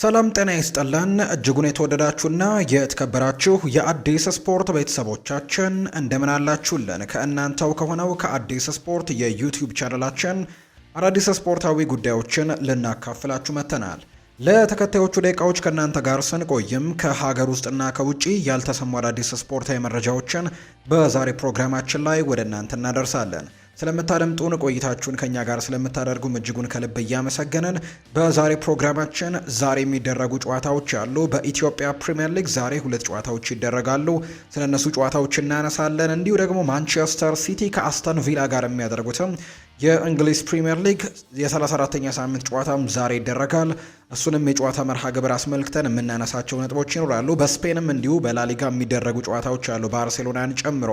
ሰላም ጤና ይስጥልን እጅጉን የተወደዳችሁና የተከበራችሁ የአዲስ ስፖርት ቤተሰቦቻችን እንደምን አላችሁልን? ከእናንተው ከሆነው ከአዲስ ስፖርት የዩቲዩብ ቻነላችን አዳዲስ ስፖርታዊ ጉዳዮችን ልናካፍላችሁ መጥተናል። ለተከታዮቹ ደቂቃዎች ከእናንተ ጋር ስንቆይም ከሀገር ውስጥና ከውጪ ያልተሰሙ አዳዲስ ስፖርታዊ መረጃዎችን በዛሬ ፕሮግራማችን ላይ ወደ እናንተ እናደርሳለን። ስለምታደምጡን ቆይታችሁን ከኛ ጋር ስለምታደርጉም እጅጉን ከልብ እያመሰገንን በዛሬ ፕሮግራማችን ዛሬ የሚደረጉ ጨዋታዎች አሉ። በኢትዮጵያ ፕሪምየር ሊግ ዛሬ ሁለት ጨዋታዎች ይደረጋሉ። ስለነሱ ጨዋታዎች እናነሳለን። እንዲሁ ደግሞ ማንቸስተር ሲቲ ከአስተን ቪላ ጋር የሚያደርጉትም የእንግሊዝ ፕሪምየር ሊግ የ34ተኛ ሳምንት ጨዋታም ዛሬ ይደረጋል። እሱንም የጨዋታ መርሃ ግብር አስመልክተን የምናነሳቸው ነጥቦች ይኖራሉ። በስፔንም እንዲሁ በላሊጋ የሚደረጉ ጨዋታዎች አሉ፣ ባርሴሎናን ጨምሮ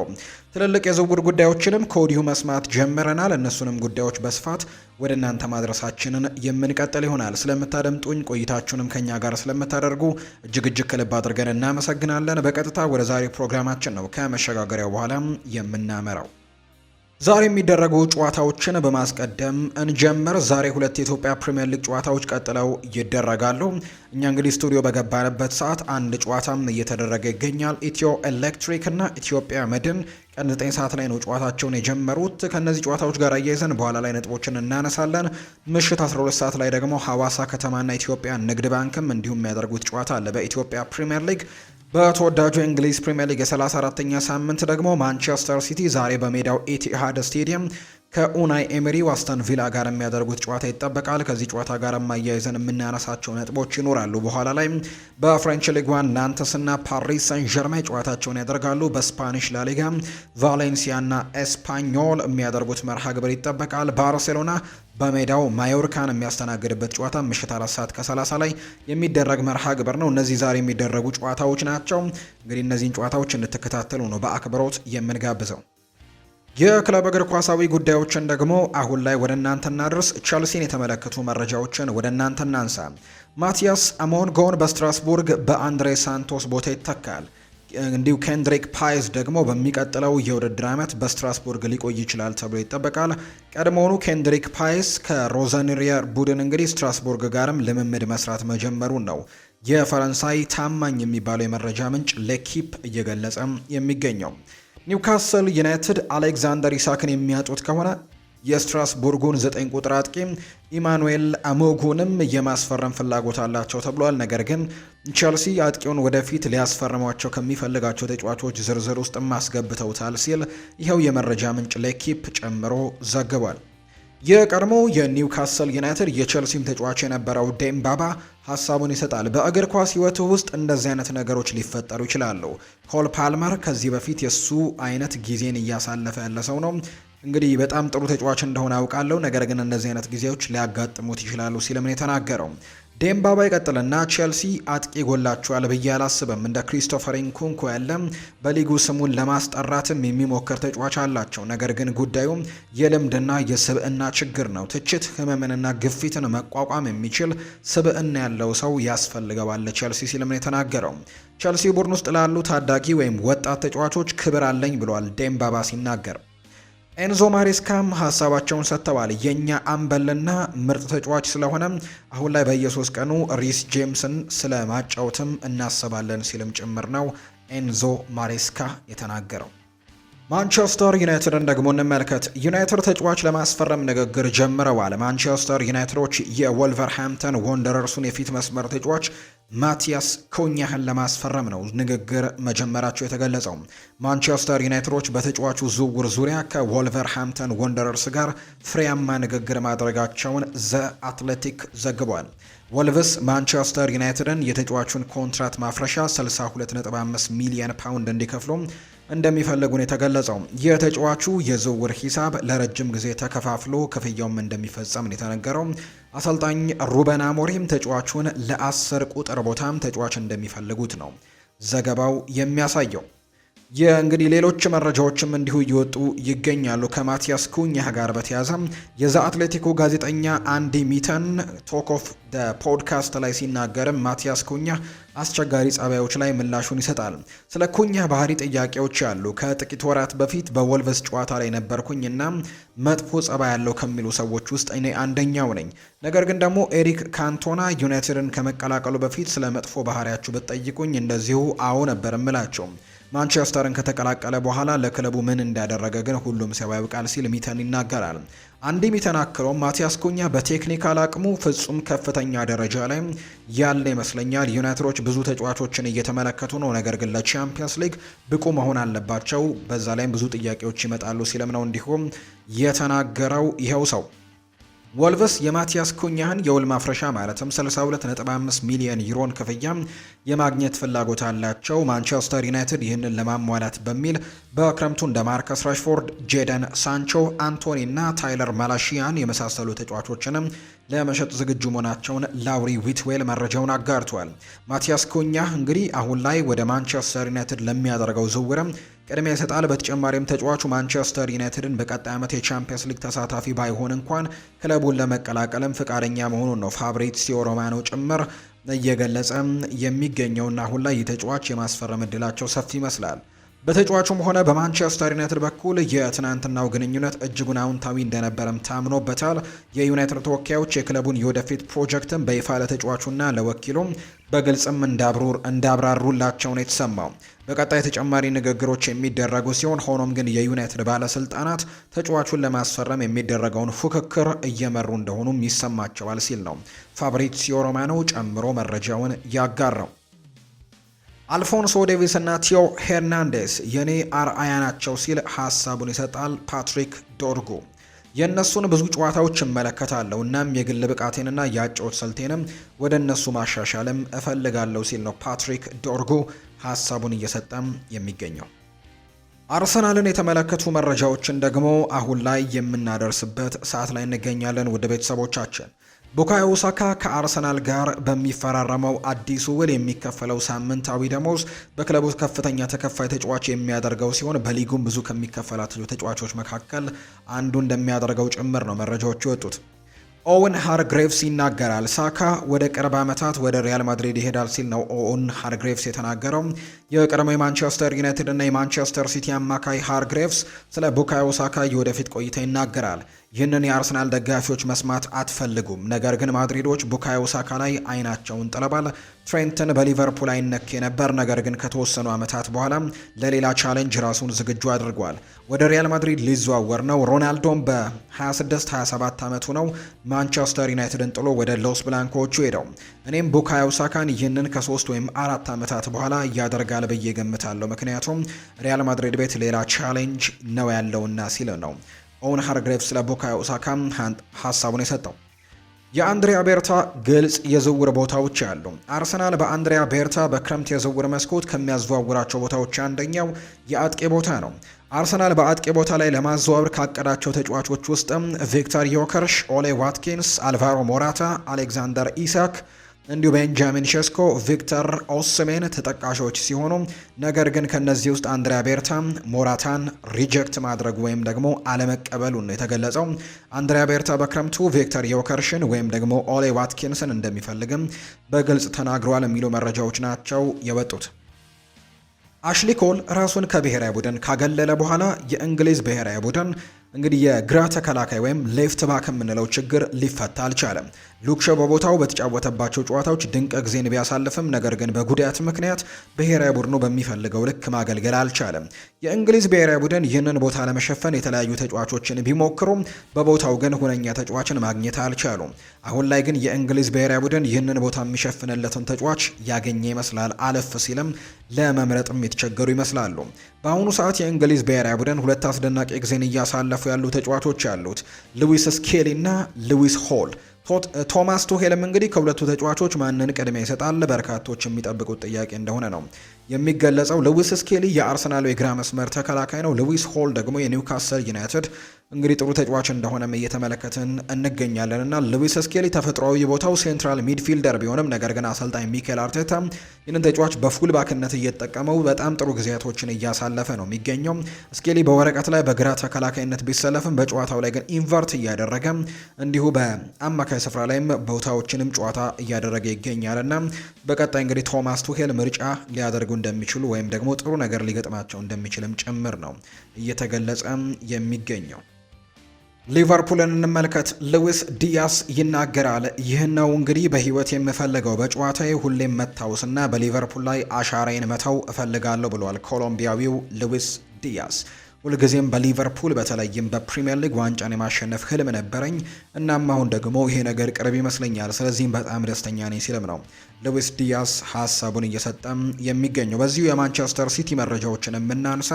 ትልልቅ የዝውውር ጉዳዮችንም ከወዲሁ መስማት ጀምረናል። እነሱንም ጉዳዮች በስፋት ወደ እናንተ ማድረሳችንን የምንቀጥል ይሆናል። ስለምታደምጡኝ ቆይታችሁንም ከኛ ጋር ስለምታደርጉ እጅግ እጅግ ከልብ አድርገን እናመሰግናለን። በቀጥታ ወደ ዛሬ ፕሮግራማችን ነው ከመሸጋገሪያው በኋላም የምናመራው ዛሬ የሚደረጉ ጨዋታዎችን በማስቀደም እንጀምር። ዛሬ ሁለት የኢትዮጵያ ፕሪምየር ሊግ ጨዋታዎች ቀጥለው ይደረጋሉ። እኛ እንግዲህ ስቱዲዮ በገባንበት ሰዓት አንድ ጨዋታም እየተደረገ ይገኛል። ኢትዮ ኤሌክትሪክ እና ኢትዮጵያ መድን ቀን 9 ሰዓት ላይ ነው ጨዋታቸውን የጀመሩት። ከእነዚህ ጨዋታዎች ጋር አያይዘን በኋላ ላይ ነጥቦችን እናነሳለን። ምሽት 12 ሰዓት ላይ ደግሞ ሐዋሳ ከተማና ኢትዮጵያ ንግድ ባንክም እንዲሁም የሚያደርጉት ጨዋታ አለ በኢትዮጵያ ፕሪምየር ሊግ። በተወዳጁ የእንግሊዝ ፕሪምየር ሊግ የ 34 ተኛ ሳምንት ደግሞ ማንቸስተር ሲቲ ዛሬ በሜዳው ኢቲሃድ ስቴዲየም ከኡናይ ኤምሪ ዋስተን ቪላ ጋር የሚያደርጉት ጨዋታ ይጠበቃል። ከዚህ ጨዋታ ጋር የማያይዘን የምናነሳቸው ነጥቦች ይኖራሉ። በኋላ ላይ በፍሬንች ሊግ ዋን ናንተስና ፓሪስ ሰን ዠርማን ጨዋታቸውን ያደርጋሉ። በስፓኒሽ ላሊጋ ቫሌንሲያና ኤስፓኞል የሚያደርጉት መርሃ ግብር ይጠበቃል። ባርሴሎና በሜዳው ማዮርካን የሚያስተናግድበት ጨዋታ ምሽት አራት ሰዓት ከሰላሳ ላይ የሚደረግ መርሃ ግብር ነው። እነዚህ ዛሬ የሚደረጉ ጨዋታዎች ናቸው። እንግዲህ እነዚህን ጨዋታዎች እንድትከታተሉ ነው በአክብሮት የምንጋብዘው። የክለብ እግር ኳሳዊ ጉዳዮችን ደግሞ አሁን ላይ ወደ እናንተ እናድርስ። ቸልሲን የተመለከቱ መረጃዎችን ወደ እናንተ እናንሳ። ማቲያስ አሞንጎን በስትራስቡርግ በአንድሬ ሳንቶስ ቦታ ይተካል። እንዲሁ ኬንድሪክ ፓይዝ ደግሞ በሚቀጥለው የውድድር ዓመት በስትራስቡርግ ሊቆይ ይችላል ተብሎ ይጠበቃል። ቀድሞውኑ ኬንድሪክ ፓይስ ከሮዘንሪየር ቡድን እንግዲህ ስትራስቡርግ ጋርም ልምምድ መስራት መጀመሩን ነው የፈረንሳይ ታማኝ የሚባለው የመረጃ ምንጭ ለኪፕ እየገለጸም የሚገኘው። ኒውካስል ዩናይትድ አሌክዛንደር ኢሳክን የሚያጡት ከሆነ የስትራስቡርጉን ዘጠኝ ቁጥር አጥቂ ኢማኑኤል አሞጉንም የማስፈረም ፍላጎት አላቸው ተብሏል። ነገር ግን ቸልሲ አጥቂውን ወደፊት ሊያስፈርሟቸው ከሚፈልጋቸው ተጫዋቾች ዝርዝር ውስጥ ማስገብተውታል ሲል ይኸው የመረጃ ምንጭ ለኪፕ ጨምሮ ዘግቧል። የቀድሞ የኒውካስል ዩናይትድ የቸልሲም ተጫዋች የነበረው ዴምባባ ሀሳቡን ይሰጣል። በእግር ኳስ ህይወት ውስጥ እንደዚህ አይነት ነገሮች ሊፈጠሩ ይችላሉ። ኮል ፓልመር ከዚህ በፊት የሱ አይነት ጊዜን እያሳለፈ ያለ ሰው ነው። እንግዲህ በጣም ጥሩ ተጫዋች እንደሆነ አውቃለሁ፣ ነገር ግን እንደዚህ አይነት ጊዜዎች ሊያጋጥሙት ይችላሉ ሲልም ነው የተናገረው። ዴምባባ ይቀጥልና ቼልሲ አጥቂ ጎላቸዋል ብዬ አላስብም። እንደ ክሪስቶፈር ንኩንኩ ያለም በሊጉ ስሙን ለማስጠራትም የሚሞክር ተጫዋች አላቸው። ነገር ግን ጉዳዩም የልምድና የስብዕና ችግር ነው። ትችት፣ ህመምንና ግፊትን መቋቋም የሚችል ስብዕና ያለው ሰው ያስፈልገዋል ቼልሲ ሲልም ነው የተናገረው። ቼልሲ ቡድን ውስጥ ላሉ ታዳጊ ወይም ወጣት ተጫዋቾች ክብር አለኝ ብሏል ዴምባባ ሲናገር ኤንዞ ማሬስካም ሀሳባቸውን ሰጥተዋል። የእኛ አምበልና ምርጥ ተጫዋች ስለሆነ አሁን ላይ በየሶስት ቀኑ ሪስ ጄምስን ስለማጫወትም እናስባለን ሲልም ጭምር ነው ኤንዞ ማሬስካ የተናገረው። ማንቸስተር ዩናይትድን ደግሞ እንመልከት። ዩናይትድ ተጫዋች ለማስፈረም ንግግር ጀምረዋል። ማንቸስተር ዩናይትዶች የወልቨርሃምፕተን ወንደረርሱን የፊት መስመር ተጫዋች ማቲያስ ኮኛህን ለማስፈረም ነው ንግግር መጀመራቸው የተገለጸው። ማንቸስተር ዩናይትዶች በተጫዋቹ ዝውውር ዙሪያ ከወልቨርሃምተን ወንደረርስ ጋር ፍሬያማ ንግግር ማድረጋቸውን ዘ አትሌቲክ ዘግቧል። ወልቭስ ማንቸስተር ዩናይትድን የተጫዋቹን ኮንትራት ማፍረሻ 62.5 ሚሊየን ፓውንድ እንዲከፍሉ እንደሚፈልጉ ነው የተገለጸው። የተጫዋቹ የዝውውር ሂሳብ ለረጅም ጊዜ ተከፋፍሎ ክፍያውም እንደሚፈጸም የተነገረው። አሰልጣኝ ሩበን አሞሪም ተጫዋቹን ለአስር ቁጥር ቦታም ተጫዋች እንደሚፈልጉት ነው ዘገባው የሚያሳየው። የእንግዲህ ሌሎች መረጃዎችም እንዲሁ እየወጡ ይገኛሉ። ከማቲያስ ኩኛህ ጋር በተያያዘ የዛ አትሌቲኮ ጋዜጠኛ አንዲ ሚተን ቶክ ኦፍ ደ ፖድካስት ላይ ሲናገርም ማቲያስ ኩኛህ አስቸጋሪ ጸባዮች ላይ ምላሹን ይሰጣል። ስለ ኩኛህ ባህሪ ጥያቄዎች አሉ። ከጥቂት ወራት በፊት በወልቨስ ጨዋታ ላይ ነበርኩኝና መጥፎ ጸባይ ያለው ከሚሉ ሰዎች ውስጥ እኔ አንደኛው ነኝ። ነገር ግን ደግሞ ኤሪክ ካንቶና ዩናይትድን ከመቀላቀሉ በፊት ስለ መጥፎ ባህሪያችሁ ብትጠይቁኝ እንደዚሁ አዎ ነበር እምላቸው ማንቸስተርን ከተቀላቀለ በኋላ ለክለቡ ምን እንዳደረገ ግን ሁሉም ሰው ያውቃል ሲል ሚተን ይናገራል። አንድ ሚተን አክሎም ማቲያስ ኩኛ በቴክኒካል አቅሙ ፍጹም ከፍተኛ ደረጃ ላይ ያለ ይመስለኛል። ዩናይትዶች ብዙ ተጫዋቾችን እየተመለከቱ ነው፣ ነገር ግን ለቻምፒየንስ ሊግ ብቁ መሆን አለባቸው። በዛ ላይም ብዙ ጥያቄዎች ይመጣሉ ሲልም ነው እንዲሁም የተናገረው ይኸው ሰው ወልቭስ የማቲያስ ኩኛህን የውል ማፍረሻ ማለትም 62.5 ሚሊዮን ዩሮን ክፍያ የማግኘት ፍላጎት አላቸው። ማንቸስተር ዩናይትድ ይህንን ለማሟላት በሚል በክረምቱ እንደ ማርከስ ራሽፎርድ፣ ጄደን ሳንቾ፣ አንቶኒ እና ታይለር ማላሺያን የመሳሰሉ ተጫዋቾችንም ለመሸጥ ዝግጁ መሆናቸውን ላውሪ ዊትዌል መረጃውን አጋርቷል። ማቲያስ ኩኛህ እንግዲህ አሁን ላይ ወደ ማንቸስተር ዩናይትድ ለሚያደርገው ዝውውርም ቅድሚያ ይሰጣል። በተጨማሪም ተጫዋቹ ማንቸስተር ዩናይትድን በቀጣይ ዓመት የቻምፒየንስ ሊግ ተሳታፊ ባይሆን እንኳን ክለቡን ለመቀላቀልም ፍቃደኛ መሆኑን ነው ፋብሪዚዮ ሮማኖ ጭምር እየገለጸ የሚገኘውና አሁን ላይ የተጫዋች የማስፈረም እድላቸው ሰፊ ይመስላል። በተጫዋቹም ሆነ በማንቸስተር ዩናይትድ በኩል የትናንትናው ግንኙነት እጅጉን አውንታዊ እንደነበረም ታምኖበታል። የዩናይትድ ተወካዮች የክለቡን የወደፊት ፕሮጀክትን በይፋ ለተጫዋቹና ለወኪሉም በግልጽም እንዳብራሩላቸው ነው የተሰማው። በቀጣይ ተጨማሪ ንግግሮች የሚደረጉ ሲሆን ሆኖም ግን የዩናይትድ ባለስልጣናት ተጫዋቹን ለማስፈረም የሚደረገውን ፉክክር እየመሩ እንደሆኑም ይሰማቸዋል ሲል ነው ፋብሪዚዮ ሮማኖ ጨምሮ መረጃውን ያጋራው። አልፎንሶ ዴቪስ እና ቲዮ ሄርናንዴስ የኔ አርአያ ናቸው ሲል ሀሳቡን ይሰጣል ፓትሪክ ዶርጉ። የእነሱን ብዙ ጨዋታዎች እመለከታለሁ እናም የግል ብቃቴንና የአጨዋወት ስልቴንም ወደ እነሱ ማሻሻልም እፈልጋለሁ ሲል ነው ፓትሪክ ዶርጉ ሀሳቡን እየሰጠም የሚገኘው። አርሰናልን የተመለከቱ መረጃዎችን ደግሞ አሁን ላይ የምናደርስበት ሰዓት ላይ እንገኛለን። ውድ ቤተሰቦቻችን ቡካዮ ሳካ ከአርሰናል ጋር በሚፈራረመው አዲሱ ውል የሚከፈለው ሳምንታዊ ደሞዝ በክለቡ ከፍተኛ ተከፋይ ተጫዋች የሚያደርገው ሲሆን በሊጉም ብዙ ከሚከፈላቸው ተጫዋቾች መካከል አንዱ እንደሚያደርገው ጭምር ነው መረጃዎቹ የወጡት። ኦውን ሃርግሬቭስ ይናገራል። ሳካ ወደ ቅርብ ዓመታት ወደ ሪያል ማድሪድ ይሄዳል ሲል ነው ኦውን ሃርግሬቭስ የተናገረው። የቀድሞ የማንቸስተር ዩናይትድ እና የማንቸስተር ሲቲ አማካይ ሃርግሬቭስ ስለ ቡካዮ ሳካ የወደፊት ቆይታ ይናገራል። ይህንን የአርሰናል ደጋፊዎች መስማት አትፈልጉም። ነገር ግን ማድሪዶች ቡካዮ ሳካ ላይ አይናቸውን ጥለባል። ትሬንትን በሊቨርፑል አይነክ የነበር ነገር ግን ከተወሰኑ ዓመታት በኋላ ለሌላ ቻለንጅ ራሱን ዝግጁ አድርጓል። ወደ ሪያል ማድሪድ ሊዘዋወር ነው። ሮናልዶም በ26 27 ዓመቱ ነው ማንቸስተር ዩናይትድን ጥሎ ወደ ሎስ ብላንኮቹ ሄደው። እኔም ቡካዮ ሳካን ይህንን ከሶስት ወይም አራት ዓመታት በኋላ እያደርጋል ብዬ ገምታለሁ። ምክንያቱም ሪያል ማድሪድ ቤት ሌላ ቻሌንጅ ነው ያለውና ሲል ነው ኦውን ሃርግሬቭ ስለ ቡካዮ ኦሳካ ሀሳቡን የሰጠው የአንድሪያ ቤርታ ግልጽ የዝውውር ቦታዎች አሉ። አርሰናል በአንድሪያ ቤርታ በክረምት የዝውውር መስኮት ከሚያዘዋውራቸው ቦታዎች አንደኛው የአጥቂ ቦታ ነው። አርሰናል በአጥቂ ቦታ ላይ ለማዘዋወር ካቀዳቸው ተጫዋቾች ውስጥም ቪክተር ዮከርሽ፣ ኦሌ ዋትኪንስ፣ አልቫሮ ሞራታ፣ አሌክዛንደር ኢሳክ እንዲሁ ቤንጃሚን ሸስኮ፣ ቪክተር ኦስሜን ተጠቃሾች ሲሆኑ ነገር ግን ከነዚህ ውስጥ አንድሪያ ቤርታ ሞራታን ሪጀክት ማድረጉ ወይም ደግሞ አለመቀበሉን ነው የተገለጸው። አንድሪያ ቤርታ በክረምቱ ቪክተር ዮከርሽን ወይም ደግሞ ኦሌ ዋትኪንስን እንደሚፈልግም በግልጽ ተናግሯል የሚሉ መረጃዎች ናቸው የወጡት። አሽሊ ኮል ራሱን ከብሔራዊ ቡድን ካገለለ በኋላ የእንግሊዝ ብሔራዊ ቡድን እንግዲህ የግራ ተከላካይ ወይም ሌፍት ባክ የምንለው ችግር ሊፈታ አልቻለም። ሉክሾ በቦታው በተጫወተባቸው ጨዋታዎች ድንቅ ጊዜን ቢያሳልፍም ነገር ግን በጉዳት ምክንያት ብሔራዊ ቡድኑ በሚፈልገው ልክ ማገልገል አልቻለም። የእንግሊዝ ብሔራዊ ቡድን ይህንን ቦታ ለመሸፈን የተለያዩ ተጫዋቾችን ቢሞክሩም በቦታው ግን ሁነኛ ተጫዋችን ማግኘት አልቻሉም። አሁን ላይ ግን የእንግሊዝ ብሔራዊ ቡድን ይህንን ቦታ የሚሸፍንለትን ተጫዋች ያገኘ ይመስላል። አለፍ ሲልም ለመምረጥ የሚቸገሩ ይመስላሉ። በአሁኑ ሰዓት የእንግሊዝ ብሔራዊ ቡድን ሁለት አስደናቂ ጊዜን እያሳለፉ ያሉ ተጫዋቾች ያሉት ሉዊስ ስኬሊ እና ሉዊስ ሆል። ቶማስ ቱሄልም እንግዲህ ከሁለቱ ተጫዋቾች ማንን ቅድሚያ ይሰጣል? በርካቶች የሚጠብቁት ጥያቄ እንደሆነ ነው የሚገለጸው። ሉዊስ ስኬሊ የአርሰናሉ የግራ መስመር ተከላካይ ነው። ሉዊስ ሆል ደግሞ የኒውካስል ዩናይትድ እንግዲህ ጥሩ ተጫዋች እንደሆነም እየተመለከትን እንገኛለን እና ሉዊስ ስኬሊ ተፈጥሯዊ ቦታው ሴንትራል ሚድፊልደር ቢሆንም ነገር ግን አሰልጣኝ ሚኬል አርቴታ ይህንን ተጫዋች በፉል ባክነት እየተጠቀመው በጣም ጥሩ ጊዜያቶችን እያሳለፈ ነው የሚገኘው። ስኬሊ በወረቀት ላይ በግራ ተከላካይነት ቢሰለፍም በጨዋታው ላይ ግን ኢንቨርት እያደረገ እንዲሁ በአማካይ ስፍራ ላይም ቦታዎችንም ጨዋታ እያደረገ ይገኛል እና በቀጣይ እንግዲህ ቶማስ ቱሄል ምርጫ ሊያደርጉ እንደሚችሉ ወይም ደግሞ ጥሩ ነገር ሊገጥማቸው እንደሚችልም ጭምር ነው እየተገለጸ የሚገኘው። ሊቨርፑልን እንመልከት። ልዊስ ዲያስ ይናገራል። ይህን ነው እንግዲህ በህይወት የምፈልገው በጨዋታዬ ሁሌም መታወስና በሊቨርፑል ላይ አሻራዬን መተው እፈልጋለሁ ብሏል ኮሎምቢያዊው ልዊስ ዲያስ። ሁልጊዜም በሊቨርፑል በተለይም በፕሪምየር ሊግ ዋንጫን የማሸነፍ ህልም ነበረኝ። እናም አሁን ደግሞ ይሄ ነገር ቅርብ ይመስለኛል። ስለዚህም በጣም ደስተኛ ነኝ ሲልም ነው ሉዊስ ዲያስ ሀሳቡን እየሰጠ የሚገኘው። በዚሁ የማንቸስተር ሲቲ መረጃዎችን የምናንሳ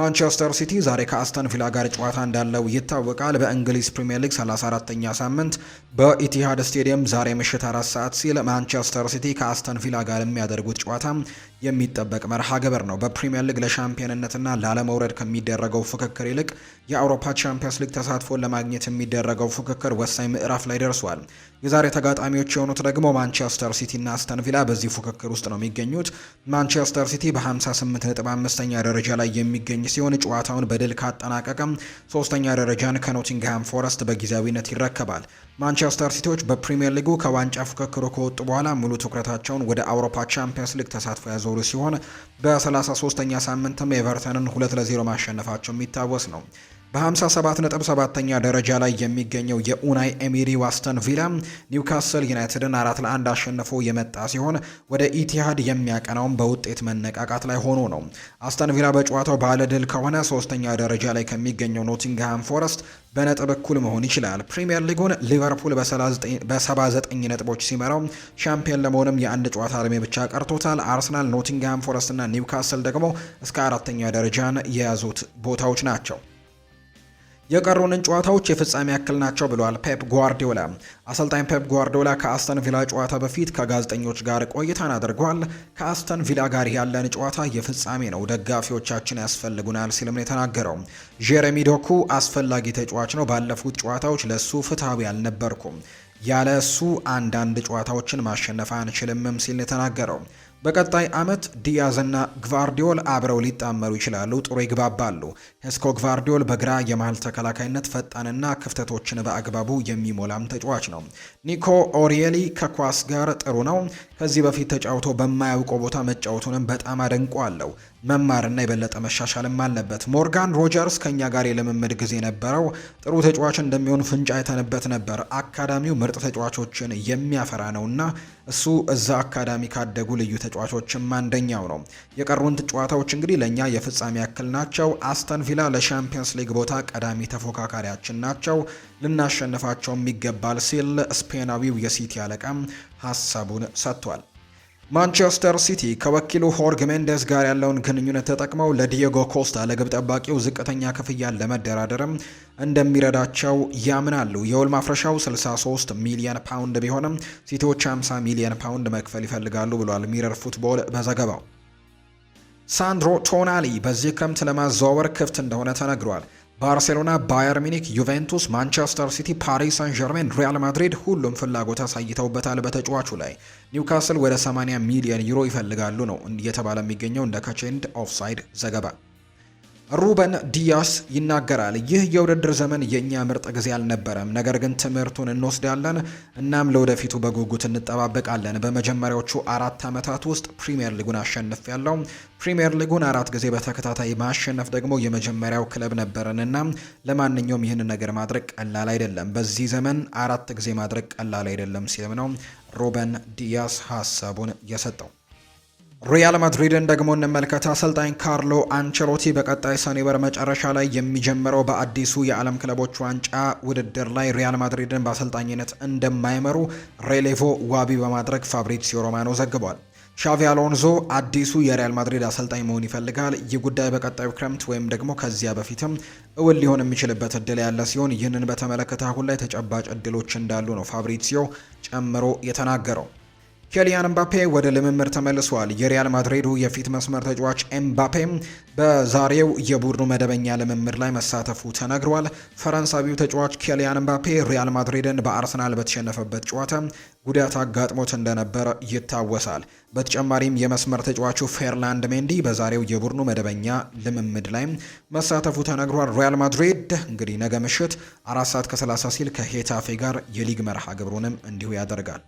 ማንቸስተር ሲቲ ዛሬ ከአስተን ቪላ ጋር ጨዋታ እንዳለው ይታወቃል። በእንግሊዝ ፕሪምየር ሊግ 34ተኛ ሳምንት በኢቲሃድ ስቴዲየም ዛሬ ምሽት አራት ሰዓት ሲል ማንቸስተር ሲቲ ከአስተን ቪላ ጋር የሚያደርጉት ጨዋታ የሚጠበቅ መርሃ ግብር ነው። በፕሪምየር ሊግ ለሻምፒዮንነትና ላለመውረድ ከሚደረገው ፉክክር ይልቅ የአውሮፓ ቻምፒየንስ ሊግ ተሳትፎን ለማግኘት የሚደረገው ፉክክር ወሳኝ ምዕራፍ ላይ ደርሷል። የዛሬ ተጋጣሚዎች የሆኑት ደግሞ ማንቸስተር ሲቲና አስተን በዚህ ፉክክር ውስጥ ነው የሚገኙት። ማንቸስተር ሲቲ በ58 ነጥብ አምስተኛ ደረጃ ላይ የሚገኝ ሲሆን ጨዋታውን በድል ካጠናቀቀም ሶስተኛ ደረጃን ከኖቲንግሃም ፎረስት በጊዜያዊነት ይረከባል። ማንቸስተር ሲቲዎች በፕሪምየር ሊጉ ከዋንጫ ፉክክሩ ከወጡ በኋላ ሙሉ ትኩረታቸውን ወደ አውሮፓ ቻምፒየንስ ሊግ ተሳትፎ ያዘ የነበሩ ሲሆን በ 33 ኛ ሳምንትም ኤቨርተንን ሁለት ለዜሮ ማሸነፋቸው የሚታወስ ነው። በ57 ነጥብ ሰባተኛ ደረጃ ላይ የሚገኘው የኡናይ ኤሚሪ ዋስተን ቪላ ኒውካስል ዩናይትድን አራት ለአንድ አሸንፎ የመጣ ሲሆን ወደ ኢቲሃድ የሚያቀናውም በውጤት መነቃቃት ላይ ሆኖ ነው። አስተን ቪላ በጨዋታው ባለድል ከሆነ ሶስተኛ ደረጃ ላይ ከሚገኘው ኖቲንግሃም ፎረስት በነጥብ እኩል መሆን ይችላል። ፕሪምየር ሊጉን ሊቨርፑል በ79 ነጥቦች ሲመራው ሻምፒየን ለመሆንም የአንድ ጨዋታ ዕድሜ ብቻ ቀርቶታል። አርሰናል፣ ኖቲንግሃም ፎረስት እና ኒውካስል ደግሞ እስከ አራተኛ ደረጃን የያዙት ቦታዎች ናቸው። የቀሩንን ጨዋታዎች የፍጻሜ ያክል ናቸው ብለዋል ፔፕ ጓርዲዮላ። አሰልጣኝ ፔፕ ጓርዲዮላ ከአስተን ቪላ ጨዋታ በፊት ከጋዜጠኞች ጋር ቆይታን አድርጓል። ከአስተን ቪላ ጋር ያለን ጨዋታ የፍጻሜ ነው፣ ደጋፊዎቻችን ያስፈልጉናል ሲልም ነው የተናገረው። ጄሬሚ ዶኩ አስፈላጊ ተጫዋች ነው። ባለፉት ጨዋታዎች ለሱ ፍትሐዊ አልነበርኩም። ያለ እሱ አንዳንድ ጨዋታዎችን ማሸነፍ አንችልምም ሲል ነው የተናገረው። በቀጣይ አመት ዲያዝ ግቫርዲዮል አብረው ሊጣመሩ ይችላሉ። ጥሩ ይግባባሉ። ሄስኮ ግቫርዲዮል በግራ የመሃል ተከላካይነት ፈጣንና ክፍተቶችን በአግባቡ የሚሞላም ተጫዋች ነው። ኒኮ ኦሪየሊ ከኳስ ጋር ጥሩ ነው። ከዚህ በፊት ተጫውቶ በማያውቀው ቦታ መጫወቱንም በጣም አደንቋለሁ። መማርና የበለጠ መሻሻልም አለበት። ሞርጋን ሮጀርስ ከኛ ጋር የልምምድ ጊዜ ነበረው። ጥሩ ተጫዋች እንደሚሆን ፍንጫ አይተንበት ነበር። አካዳሚው ምርጥ ተጫዋቾችን የሚያፈራ ነው እና እሱ እዛ አካዳሚ ካደጉ ልዩ ተጫዋቾችም አንደኛው ነው። የቀሩን ጨዋታዎች እንግዲህ ለእኛ የፍጻሜ ያክል ናቸው። አስተን ቪላ ለሻምፒየንስ ሊግ ቦታ ቀዳሚ ተፎካካሪያችን ናቸው፣ ልናሸንፋቸውም ይገባል ሲል ስፔናዊው የሲቲ አለቃም ሀሳቡን ሰጥቷል። ማንቸስተር ሲቲ ከወኪሉ ሆርግ ሜንደስ ጋር ያለውን ግንኙነት ተጠቅመው ለዲየጎ ኮስታ ለግብ ጠባቂው ዝቅተኛ ክፍያን ለመደራደርም እንደሚረዳቸው ያምናሉ። የውል ማፍረሻው 63 ሚሊየን ፓውንድ ቢሆንም ሲቲዎች 50 ሚሊየን ፓውንድ መክፈል ይፈልጋሉ ብሏል ሚረር ፉትቦል በዘገባው። ሳንድሮ ቶናሊ በዚህ ክረምት ለማዘዋወር ክፍት እንደሆነ ተነግሯል። ባርሴሎና፣ ባየር ሚኒክ፣ ዩቬንቱስ፣ ማንቸስተር ሲቲ፣ ፓሪስ ሳን ዠርሜን፣ ሪያል ማድሪድ ሁሉም ፍላጎት አሳይተውበታል በተጫዋቹ ላይ። ኒውካስል ወደ 80 ሚሊዮን ዩሮ ይፈልጋሉ ነው እየተባለ የሚገኘው እንደ ካቼንድ ኦፍሳይድ ዘገባ ሩበን ዲያስ ይናገራል። ይህ የውድድር ዘመን የእኛ ምርጥ ጊዜ አልነበረም፣ ነገር ግን ትምህርቱን እንወስዳለን። እናም ለወደፊቱ በጉጉት እንጠባበቃለን። በመጀመሪያዎቹ አራት ዓመታት ውስጥ ፕሪምየር ሊጉን አሸንፍ ያለው ፕሪምየር ሊጉን አራት ጊዜ በተከታታይ ማሸነፍ ደግሞ የመጀመሪያው ክለብ ነበረንና ለማንኛውም ይህን ነገር ማድረግ ቀላል አይደለም። በዚህ ዘመን አራት ጊዜ ማድረግ ቀላል አይደለም ሲልም ነው ሩበን ዲያስ ሀሳቡን የሰጠው። ሪያል ማድሪድን ደግሞ እንመልከት። አሰልጣኝ ካርሎ አንቸሎቲ በቀጣይ ሰኔ ወር መጨረሻ ላይ የሚጀምረው በአዲሱ የዓለም ክለቦች ዋንጫ ውድድር ላይ ሪያል ማድሪድን በአሰልጣኝነት እንደማይመሩ ሬሌቮ ዋቢ በማድረግ ፋብሪዚዮ ሮማኖ ዘግቧል። ሻቪ አሎንዞ አዲሱ የሪያል ማድሪድ አሰልጣኝ መሆን ይፈልጋል። ይህ ጉዳይ በቀጣዩ ክረምት ወይም ደግሞ ከዚያ በፊትም እውን ሊሆን የሚችልበት እድል ያለ ሲሆን ይህንን በተመለከተ አሁን ላይ ተጨባጭ እድሎች እንዳሉ ነው ፋብሪዚዮ ጨምሮ የተናገረው። ኬሊያን ኤምባፔ ወደ ልምምድ ተመልሷል። የሪያል ማድሪዱ የፊት መስመር ተጫዋች ኤምባፔ በዛሬው የቡድኑ መደበኛ ልምምድ ላይ መሳተፉ ተነግሯል። ፈረንሳዊው ተጫዋች ኬሊያን ኤምባፔ ሪያል ማድሪድን በአርሰናል በተሸነፈበት ጨዋታ ጉዳት አጋጥሞት እንደነበር ይታወሳል። በተጨማሪም የመስመር ተጫዋቹ ፌርላንድ ሜንዲ በዛሬው የቡድኑ መደበኛ ልምምድ ላይ መሳተፉ ተነግሯል። ሪያል ማድሪድ እንግዲህ ነገ ምሽት አራት ሰዓት ከሰላሳ ሲል ከሄታፌ ጋር የሊግ መርሃ ግብሩንም እንዲሁ ያደርጋል።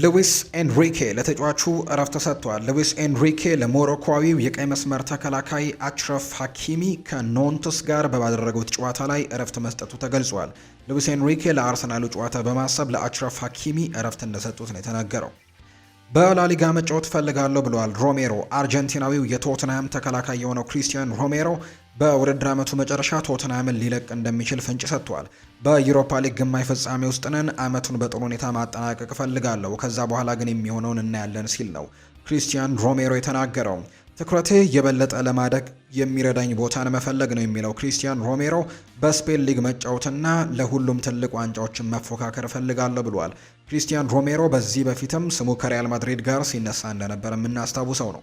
ሉዊስ ኤንሪኬ ለተጫዋቹ እረፍት ተሰጥቷል። ሉዊስ ኤንሪኬ ለሞሮኮዊው የቀይ መስመር ተከላካይ አችረፍ ሐኪሚ ከኖንትስ ጋር ባደረጉት ጨዋታ ላይ እረፍት መስጠቱ ተገልጿል። ሉዊስ ኤንሪኬ ለአርሰናሉ ጨዋታ በማሰብ ለአችረፍ ሀኪሚ እረፍት እንደሰጡት ነው የተናገረው። በላሊጋ መጫወት ፈልጋለሁ ብለዋል ሮሜሮ። አርጀንቲናዊው የቶትንሃም ተከላካይ የሆነው ክሪስቲያን ሮሜሮ በውድድር ዓመቱ መጨረሻ ቶትናምን ሊለቅ እንደሚችል ፍንጭ ሰጥቷል። በዩሮፓ ሊግ ግማሽ ፍጻሜ ውስጥ ነን፣ አመቱን በጥሩ ሁኔታ ማጠናቀቅ እፈልጋለሁ፣ ከዛ በኋላ ግን የሚሆነውን እናያለን ሲል ነው ክሪስቲያን ሮሜሮ የተናገረው። ትኩረቴ የበለጠ ለማደግ የሚረዳኝ ቦታን መፈለግ ነው የሚለው ክሪስቲያን ሮሜሮ በስፔን ሊግ መጫወትና ለሁሉም ትልቅ ዋንጫዎችን መፎካከር እፈልጋለሁ ብሏል። ክሪስቲያን ሮሜሮ በዚህ በፊትም ስሙ ከሪያል ማድሪድ ጋር ሲነሳ እንደነበር የምናስታውሰው ነው።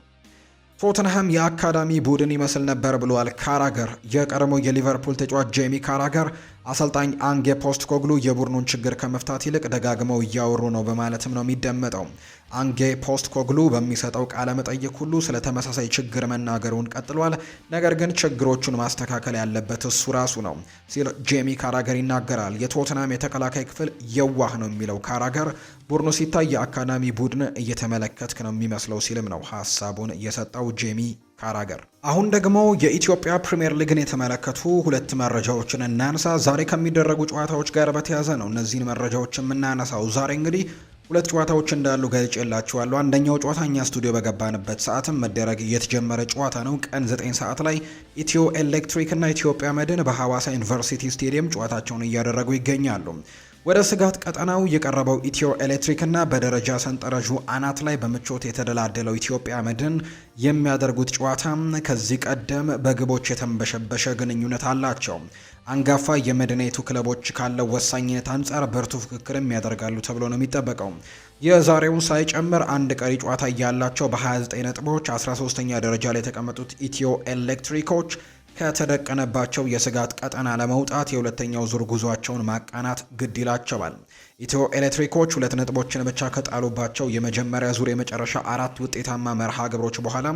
ቶተንሃም የአካዳሚ ቡድን ይመስል ነበር ብሏል ካራገር። የቀድሞ የሊቨርፑል ተጫዋች ጄሚ ካራገር አሰልጣኝ አንጌ ፖስት ኮግሉ የቡድኑን ችግር ከመፍታት ይልቅ ደጋግመው እያወሩ ነው በማለትም ነው የሚደመጠው። አንጌ ፖስት ኮግሉ በሚሰጠው ቃለ መጠይቅ ሁሉ ስለ ተመሳሳይ ችግር መናገሩን ቀጥሏል። ነገር ግን ችግሮቹን ማስተካከል ያለበት እሱ ራሱ ነው ሲል ጄሚ ካራገር ይናገራል። የቶትናም የተከላካይ ክፍል የዋህ ነው የሚለው ካራገር ቡድኑ ሲታይ የአካዳሚ ቡድን እየተመለከትክ ነው የሚመስለው ሲልም ነው ሀሳቡን የሰጠው ጄሚ ካራገር። አሁን ደግሞ የኢትዮጵያ ፕሪምየር ሊግን የተመለከቱ ሁለት መረጃዎችን እናንሳ። ዛሬ ከሚደረጉ ጨዋታዎች ጋር በተያያዘ ነው እነዚህን መረጃዎች የምናነሳው። ዛሬ እንግዲህ ሁለት ጨዋታዎች እንዳሉ ገልጬላችኋለሁ። አንደኛው ጨዋታ እኛ ስቱዲዮ በገባንበት ሰዓትም መደረግ እየተጀመረ ጨዋታ ነው። ቀን 9 ሰዓት ላይ ኢትዮ ኤሌክትሪክ እና ኢትዮጵያ መድን በሐዋሳ ዩኒቨርሲቲ ስቴዲየም ጨዋታቸውን እያደረጉ ይገኛሉ። ወደ ስጋት ቀጠናው የቀረበው ኢትዮ ኤሌክትሪክ እና በደረጃ ሰንጠረዡ አናት ላይ በምቾት የተደላደለው ኢትዮጵያ መድን የሚያደርጉት ጨዋታ ከዚህ ቀደም በግቦች የተንበሸበሸ ግንኙነት አላቸው። አንጋፋ የመድኔቱ ክለቦች ካለው ወሳኝነት አንጻር ብርቱ ፍክክርም ያደርጋሉ ተብሎ ነው የሚጠበቀው። የዛሬውን ሳይጨምር አንድ ቀሪ ጨዋታ እያላቸው በ29 ነጥቦች 13ኛ ደረጃ ላይ የተቀመጡት ኢትዮ ኤሌክትሪኮች ከተደቀነባቸው የስጋት ቀጠና ለመውጣት የሁለተኛው ዙር ጉዟቸውን ማቃናት ግድ ይላቸዋል። ኢትዮ ኤሌክትሪኮች ሁለት ነጥቦችን ብቻ ከጣሉባቸው የመጀመሪያ ዙር የመጨረሻ አራት ውጤታማ መርሃ ግብሮች በኋላ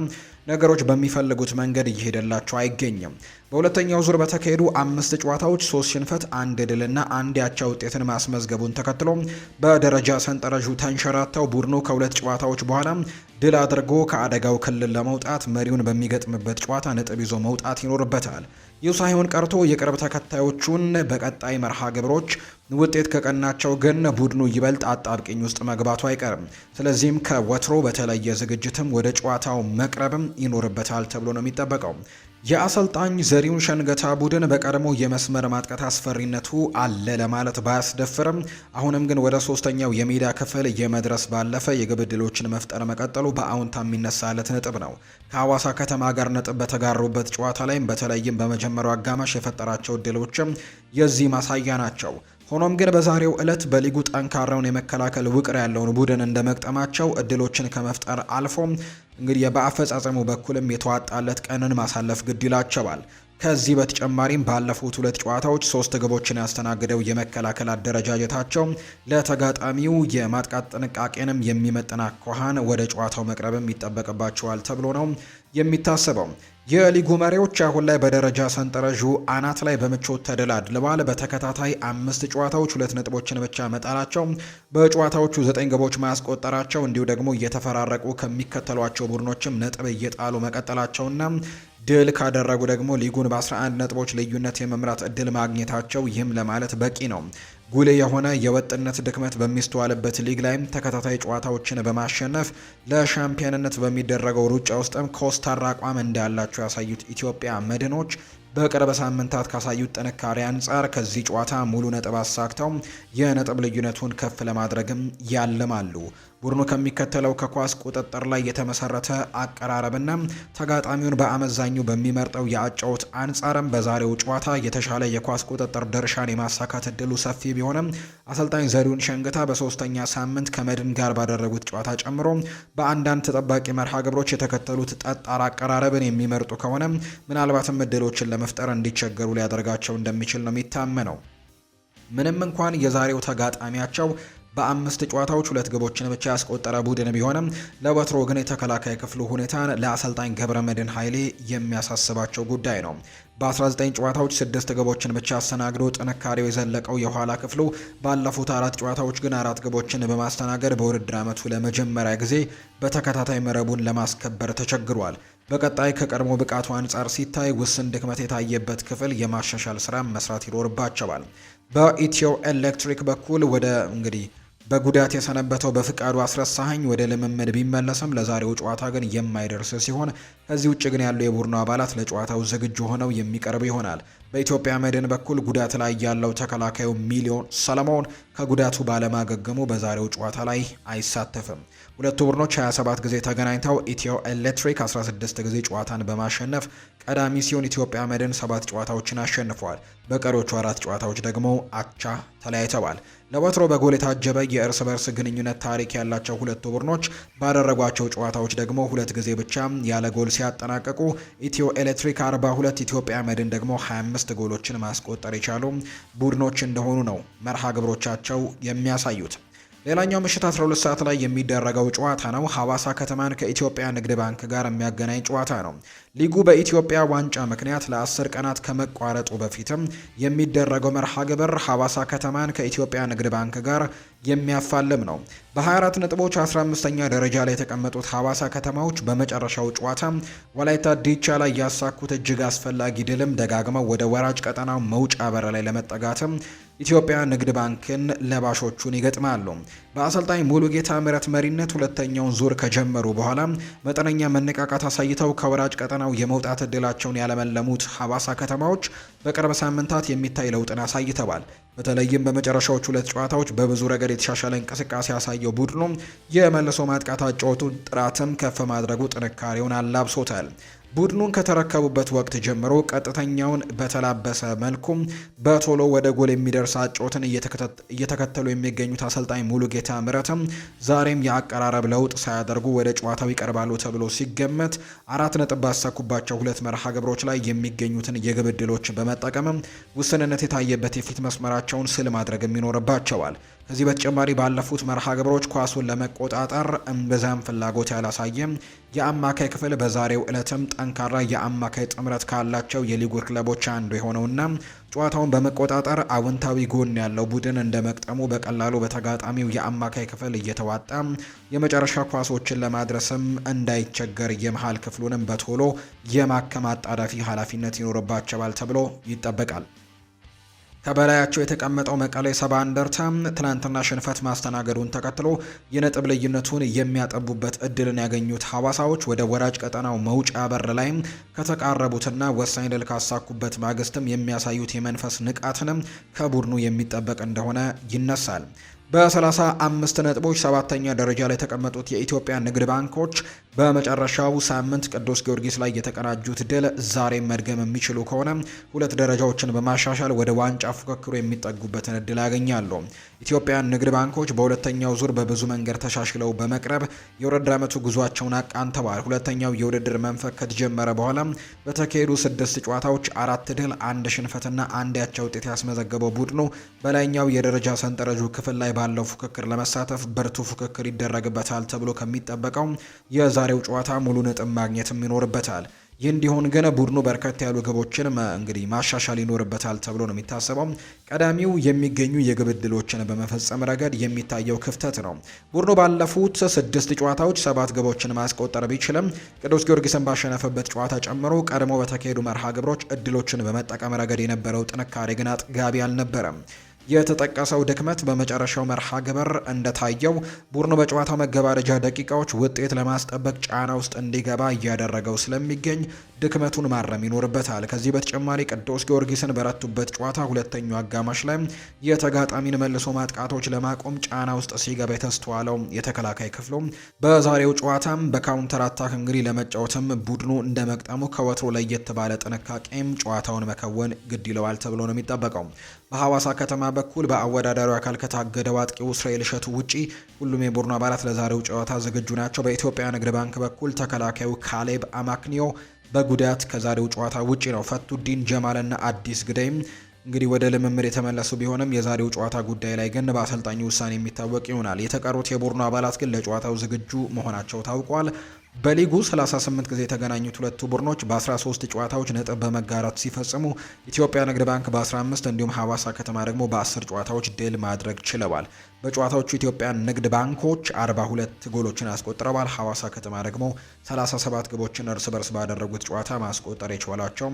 ነገሮች በሚፈልጉት መንገድ እየሄደላቸው አይገኝም። በሁለተኛው ዙር በተካሄዱ አምስት ጨዋታዎች ሶስት ሽንፈት፣ አንድ ድልና አንድ ያቻ ውጤትን ማስመዝገቡን ተከትሎ በደረጃ ሰንጠረዡ ተንሸራተው ቡድኑ ከሁለት ጨዋታዎች በኋላ ድል አድርጎ ከአደጋው ክልል ለመውጣት መሪውን በሚገጥምበት ጨዋታ ነጥብ ይዞ መውጣት ይኖርበታል። ይህ ሳይሆን ቀርቶ የቅርብ ተከታዮቹን በቀጣይ መርሃ ግብሮች ውጤት ከቀናቸው ግን ቡድኑ ይበልጥ አጣብቂኝ ውስጥ መግባቱ አይቀርም። ስለዚህም ከወትሮ በተለየ ዝግጅትም ወደ ጨዋታው መቅረብም ይኖርበታል ተብሎ ነው የሚጠበቀው። የአሰልጣኝ ዘሪሁን ሸንገታ ቡድን በቀድሞ የመስመር ማጥቃት አስፈሪነቱ አለ ለማለት ባያስደፍርም አሁንም ግን ወደ ሶስተኛው የሜዳ ክፍል የመድረስ ባለፈ የግብ ዕድሎችን መፍጠር መቀጠሉ በአዎንታ የሚነሳለት ነጥብ ነው። ከሐዋሳ ከተማ ጋር ነጥብ በተጋሩበት ጨዋታ ላይም በተለይም በመጀመሪያው አጋማሽ የፈጠራቸው ዕድሎችም የዚህ ማሳያ ናቸው። ሆኖም ግን በዛሬው ዕለት በሊጉ ጠንካራውን የመከላከል ውቅር ያለውን ቡድን እንደመግጠማቸው እድሎችን ከመፍጠር አልፎም እንግዲህ በአፈጻጸሙ በኩልም የተዋጣለት ቀንን ማሳለፍ ግድ ይላቸዋል። ከዚህ በተጨማሪም ባለፉት ሁለት ጨዋታዎች ሶስት ግቦችን ያስተናግደው የመከላከል አደረጃጀታቸው ለተጋጣሚው የማጥቃት ጥንቃቄንም የሚመጥና ከሃን ወደ ጨዋታው መቅረብም ይጠበቅባቸዋል ተብሎ ነው የሚታሰበው። የሊጉ መሪዎች አሁን ላይ በደረጃ ሰንጠረዡ አናት ላይ በምቾት ተደላድለዋል። በተከታታይ አምስት ጨዋታዎች ሁለት ነጥቦችን ብቻ መጣላቸው፣ በጨዋታዎቹ ዘጠኝ ግቦች ማያስቆጠራቸው እንዲሁ ደግሞ እየተፈራረቁ ከሚከተሏቸው ቡድኖችም ነጥብ እየጣሉ መቀጠላቸውና ድል ካደረጉ ደግሞ ሊጉን በ11 ነጥቦች ልዩነት የመምራት እድል ማግኘታቸው ይህም ለማለት በቂ ነው። ጉልህ የሆነ የወጥነት ድክመት በሚስተዋልበት ሊግ ላይም ተከታታይ ጨዋታዎችን በማሸነፍ ለሻምፒዮንነት በሚደረገው ሩጫ ውስጥም ኮስታራ አቋም እንዳላቸው ያሳዩት ኢትዮጵያ መድኖች በቅርብ ሳምንታት ካሳዩት ጥንካሬ አንጻር ከዚህ ጨዋታ ሙሉ ነጥብ አሳክተው የነጥብ ልዩነቱን ከፍ ለማድረግም ያልማሉ። ቡድኑ ከሚከተለው ከኳስ ቁጥጥር ላይ የተመሰረተ አቀራረብና ተጋጣሚውን በአመዛኙ በሚመርጠው የአጫወት አንጻርም በዛሬው ጨዋታ የተሻለ የኳስ ቁጥጥር ድርሻን የማሳካት እድሉ ሰፊ ቢሆንም አሰልጣኝ ዘሪሁን ሸንገታ በሶስተኛ ሳምንት ከመድን ጋር ባደረጉት ጨዋታ ጨምሮ በአንዳንድ ተጠባቂ መርሃ ግብሮች የተከተሉት ጠጣር አቀራረብን የሚመርጡ ከሆነ ምናልባትም እድሎችን ለመፍጠር እንዲቸገሩ ሊያደርጋቸው እንደሚችል ነው የሚታመነው። ምንም እንኳን የዛሬው ተጋጣሚያቸው በአምስት ጨዋታዎች ሁለት ግቦችን ብቻ ያስቆጠረ ቡድን ቢሆንም ለወትሮ ግን የተከላካይ ክፍሉ ሁኔታን ለአሰልጣኝ መድን ኃይሌ የሚያሳስባቸው ጉዳይ ነው። በ19 ጨዋታዎች ስድስት ግቦችን ብቻ አስተናግዶ ጥንካሬው የዘለቀው የኋላ ክፍሉ ባለፉት አራት ጨዋታዎች ግን አራት ግቦችን በማስተናገድ በውድድር ዓመቱ ለመጀመሪያ ጊዜ በተከታታይ መረቡን ለማስከበር ተቸግሯል። በቀጣይ ከቀድሞ ብቃቱ አንጻር ሲታይ ውስን ድክመት የታየበት ክፍል የማሻሻል ስራ መስራት ይኖርባቸዋል። በኢትዮ ኤሌክትሪክ በኩል ወደ እንግዲህ በጉዳት የሰነበተው በፍቃዱ አስረሳኸኝ ወደ ልምምድ ቢመለስም ለዛሬው ጨዋታ ግን የማይደርስ ሲሆን ከዚህ ውጭ ግን ያሉ የቡድኑ አባላት ለጨዋታው ዝግጁ ሆነው የሚቀርብ ይሆናል። በኢትዮጵያ መድን በኩል ጉዳት ላይ ያለው ተከላካዩ ሚሊዮን ሰለሞን ከጉዳቱ ባለማገገሙ በዛሬው ጨዋታ ላይ አይሳተፍም። ሁለቱ ቡድኖች 27 ጊዜ ተገናኝተው ኢትዮ ኤሌክትሪክ 16 ጊዜ ጨዋታን በማሸነፍ ቀዳሚ ሲሆን ኢትዮጵያ መድን ሰባት ጨዋታዎችን አሸንፏል። በቀሪዎቹ አራት ጨዋታዎች ደግሞ አቻ ተለያይተዋል። ለወትሮ በጎል የታጀበ የእርስ በርስ ግንኙነት ታሪክ ያላቸው ሁለቱ ቡድኖች ባደረጓቸው ጨዋታዎች ደግሞ ሁለት ጊዜ ብቻ ያለ ጎል ሲያጠናቀቁ ኢትዮ ኤሌክትሪክ 42 ኢትዮጵያ መድን ደግሞ 25 ጎሎችን ማስቆጠር የቻሉ ቡድኖች እንደሆኑ ነው መርሃ ግብሮቻቸው የሚያሳዩት። ሌላኛው ምሽት 12 ሰዓት ላይ የሚደረገው ጨዋታ ነው። ሐዋሳ ከተማን ከኢትዮጵያ ንግድ ባንክ ጋር የሚያገናኝ ጨዋታ ነው። ሊጉ በኢትዮጵያ ዋንጫ ምክንያት ለአስር ቀናት ከመቋረጡ በፊትም የሚደረገው መርሃ ግብር ሐዋሳ ከተማን ከኢትዮጵያ ንግድ ባንክ ጋር የሚያፋልም ነው። በ24 ነጥቦች 15ኛ ደረጃ ላይ የተቀመጡት ሐዋሳ ከተማዎች በመጨረሻው ጨዋታ ወላይታ ዲቻ ላይ ያሳኩት እጅግ አስፈላጊ ድልም ደጋግመው ወደ ወራጅ ቀጠናው መውጫ በር ላይ ለመጠጋትም ኢትዮጵያ ንግድ ባንክን ለባሾቹን ይገጥማሉ። በአሰልጣኝ ሙሉ ጌታ ምረት መሪነት ሁለተኛውን ዙር ከጀመሩ በኋላ መጠነኛ መነቃቃት አሳይተው ከወራጅ ቀጠናው የመውጣት እድላቸውን ያለመለሙት ሀባሳ ከተማዎች በቅርብ ሳምንታት የሚታይ ለውጥን አሳይተዋል። በተለይም በመጨረሻዎቹ ሁለት ጨዋታዎች በብዙ ረገድ የተሻሻለ እንቅስቃሴ ያሳየው ቡድኑ የመልሶ ማጥቃት አጫወቱን ጥራትም ከፍ ማድረጉ ጥንካሬውን አላብሶታል። ቡድኑን ከተረከቡበት ወቅት ጀምሮ ቀጥተኛውን በተላበሰ መልኩ በቶሎ ወደ ጎል የሚደርስ አጮትን እየተከተሉ የሚገኙት አሰልጣኝ ሙሉጌታ ምረትም ዛሬም የአቀራረብ ለውጥ ሳያደርጉ ወደ ጨዋታው ይቀርባሉ ተብሎ ሲገመት አራት ነጥብ ባሳኩባቸው ሁለት መርሃ ግብሮች ላይ የሚገኙትን የግብ ዕድሎች በመጠቀምም ውስንነት የታየበት የፊት መስመራቸውን ስል ማድረግ ይኖርባቸዋል። ከዚህ በተጨማሪ ባለፉት መርሃ ግብሮች ኳሱን ለመቆጣጠር እምብዛም ፍላጎት ያላሳየም የአማካይ ክፍል በዛሬው ዕለትም ጠንካራ የአማካይ ጥምረት ካላቸው የሊጉ ክለቦች አንዱ የሆነውና ጨዋታውን በመቆጣጠር አዎንታዊ ጎን ያለው ቡድን እንደ መቅጠሙ በቀላሉ በተጋጣሚው የአማካይ ክፍል እየተዋጣ የመጨረሻ ኳሶችን ለማድረስም እንዳይቸገር የመሃል ክፍሉንም በቶሎ የማከም አጣዳፊ ኃላፊነት ይኖርባቸዋል ተብሎ ይጠበቃል። ከበላያቸው የተቀመጠው መቀሌ ሰባ እንደርታ ትናንትና ሽንፈት ማስተናገዱን ተከትሎ የነጥብ ልዩነቱን የሚያጠቡበት እድልን ያገኙት ሐዋሳዎች ወደ ወራጅ ቀጠናው መውጫ በር ላይ ከተቃረቡትና ወሳኝ ድል ካሳኩበት ማግስትም የሚያሳዩት የመንፈስ ንቃትንም ከቡድኑ የሚጠበቅ እንደሆነ ይነሳል። በ35 ነጥቦች ሰባተኛ ደረጃ ላይ የተቀመጡት የኢትዮጵያ ንግድ ባንኮች በመጨረሻው ሳምንት ቅዱስ ጊዮርጊስ ላይ የተቀናጁት ድል ዛሬ መድገም የሚችሉ ከሆነ ሁለት ደረጃዎችን በማሻሻል ወደ ዋንጫ ፉክክሩ የሚጠጉበትን እድል ያገኛሉ። ኢትዮጵያን ንግድ ባንኮች በሁለተኛው ዙር በብዙ መንገድ ተሻሽለው በመቅረብ የውድድር ዓመቱ ጉዟቸውን አቃንተዋል። ሁለተኛው የውድድር መንፈቅ ከተጀመረ በኋላ በተካሄዱ ስድስት ጨዋታዎች አራት ድል፣ አንድ ሽንፈትና አንድ ያቻ ውጤት ያስመዘገበው ቡድኑ በላይኛው የደረጃ ሰንጠረዡ ክፍል ላይ ባለው ፉክክር ለመሳተፍ ብርቱ ፉክክር ይደረግበታል ተብሎ ከሚጠበቀው የዛሬው ጨዋታ ሙሉ ነጥብ ማግኘትም ይኖርበታል። ይህ እንዲሆን ግን ቡድኑ በርከት ያሉ ግቦችን እንግዲህ ማሻሻል ይኖርበታል ተብሎ ነው የሚታሰበው። ቀዳሚው የሚገኙ የግብ ዕድሎችን በመፈጸም ረገድ የሚታየው ክፍተት ነው። ቡድኑ ባለፉት ስድስት ጨዋታዎች ሰባት ግቦችን ማስቆጠር ቢችልም ቅዱስ ጊዮርጊስን ባሸነፈበት ጨዋታ ጨምሮ ቀድሞ በተካሄዱ መርሃ ግብሮች እድሎችን በመጠቀም ረገድ የነበረው ጥንካሬ ግን አጥጋቢ አልነበረም። የተጠቀሰው ድክመት በመጨረሻው መርሃ ግብር እንደታየው ቡድኑ በጨዋታው መገባደጃ ደቂቃዎች ውጤት ለማስጠበቅ ጫና ውስጥ እንዲገባ እያደረገው ስለሚገኝ ድክመቱን ማረም ይኖርበታል። ከዚህ በተጨማሪ ቅዱስ ጊዮርጊስን በረቱበት ጨዋታ ሁለተኛው አጋማሽ ላይ የተጋጣሚን መልሶ ማጥቃቶች ለማቆም ጫና ውስጥ ሲገባ የተስተዋለው የተከላካይ ክፍሉ በዛሬው ጨዋታም በካውንተር አታክ እንግዲህ ለመጫወትም ቡድኑ እንደመቅጠሙ ከወትሮ ለየት ባለ ጥንቃቄም ጨዋታውን መከወን ግድ ይለዋል ተብሎ ነው የሚጠበቀው። በሐዋሳ ከተማ በኩል በአወዳዳሪ አካል ከታገደው አጥቂው እስራኤል እሸቱ ውጪ ሁሉም የቡድኑ አባላት ለዛሬው ጨዋታ ዝግጁ ናቸው። በኢትዮጵያ ንግድ ባንክ በኩል ተከላካዩ ካሌብ አማክኒዮ በጉዳት ከዛሬው ጨዋታ ውጪ ነው። ፈቱዲን ጀማልና አዲስ ግዳይም እንግዲህ ወደ ልምምድ የተመለሱ ቢሆንም የዛሬው ጨዋታ ጉዳይ ላይ ግን በአሰልጣኙ ውሳኔ የሚታወቅ ይሆናል። የተቀሩት የቡድኑ አባላት ግን ለጨዋታው ዝግጁ መሆናቸው ታውቋል። በሊጉ 38 ጊዜ የተገናኙት ሁለቱ ቡድኖች በ13 ጨዋታዎች ነጥብ በመጋራት ሲፈጽሙ ኢትዮጵያ ንግድ ባንክ በ15 እንዲሁም ሐዋሳ ከተማ ደግሞ በ10 ጨዋታዎች ድል ማድረግ ችለዋል። በጨዋታዎቹ ኢትዮጵያ ንግድ ባንኮች 42 ጎሎችን አስቆጥረዋል። ሐዋሳ ከተማ ደግሞ 37 ግቦችን እርስ በርስ ባደረጉት ጨዋታ ማስቆጠር የቻሏቸው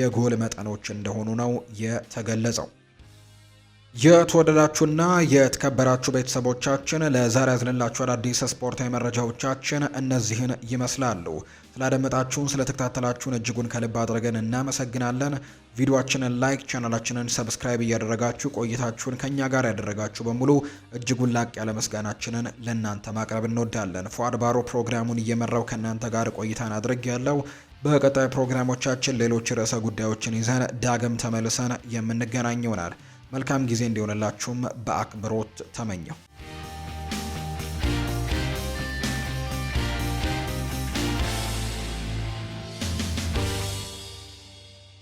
የጎል መጠኖች እንደሆኑ ነው የተገለጸው። የተወደዳችሁና የተከበራችሁ ቤተሰቦቻችን ለዛሬ ያዝንላችሁ አዳዲስ ስፖርታዊ መረጃዎቻችን እነዚህን ይመስላሉ። ስላደመጣችሁን፣ ስለተከታተላችሁን እጅጉን ከልብ አድርገን እናመሰግናለን። ቪዲዮችንን ላይክ፣ ቻናላችንን ሰብስክራይብ እያደረጋችሁ ቆይታችሁን ከእኛ ጋር ያደረጋችሁ በሙሉ እጅጉን ላቅ ያለ ምስጋናችንን ለእናንተ ማቅረብ እንወዳለን። ፏድ ባሮ ፕሮግራሙን እየመራው ከእናንተ ጋር ቆይታን አድርግ ያለው በቀጣይ ፕሮግራሞቻችን ሌሎች ርዕሰ ጉዳዮችን ይዘን ዳግም ተመልሰን የምንገናኝ ይሆናል። መልካም ጊዜ እንዲሆንላችሁም በአክብሮት ተመኘው።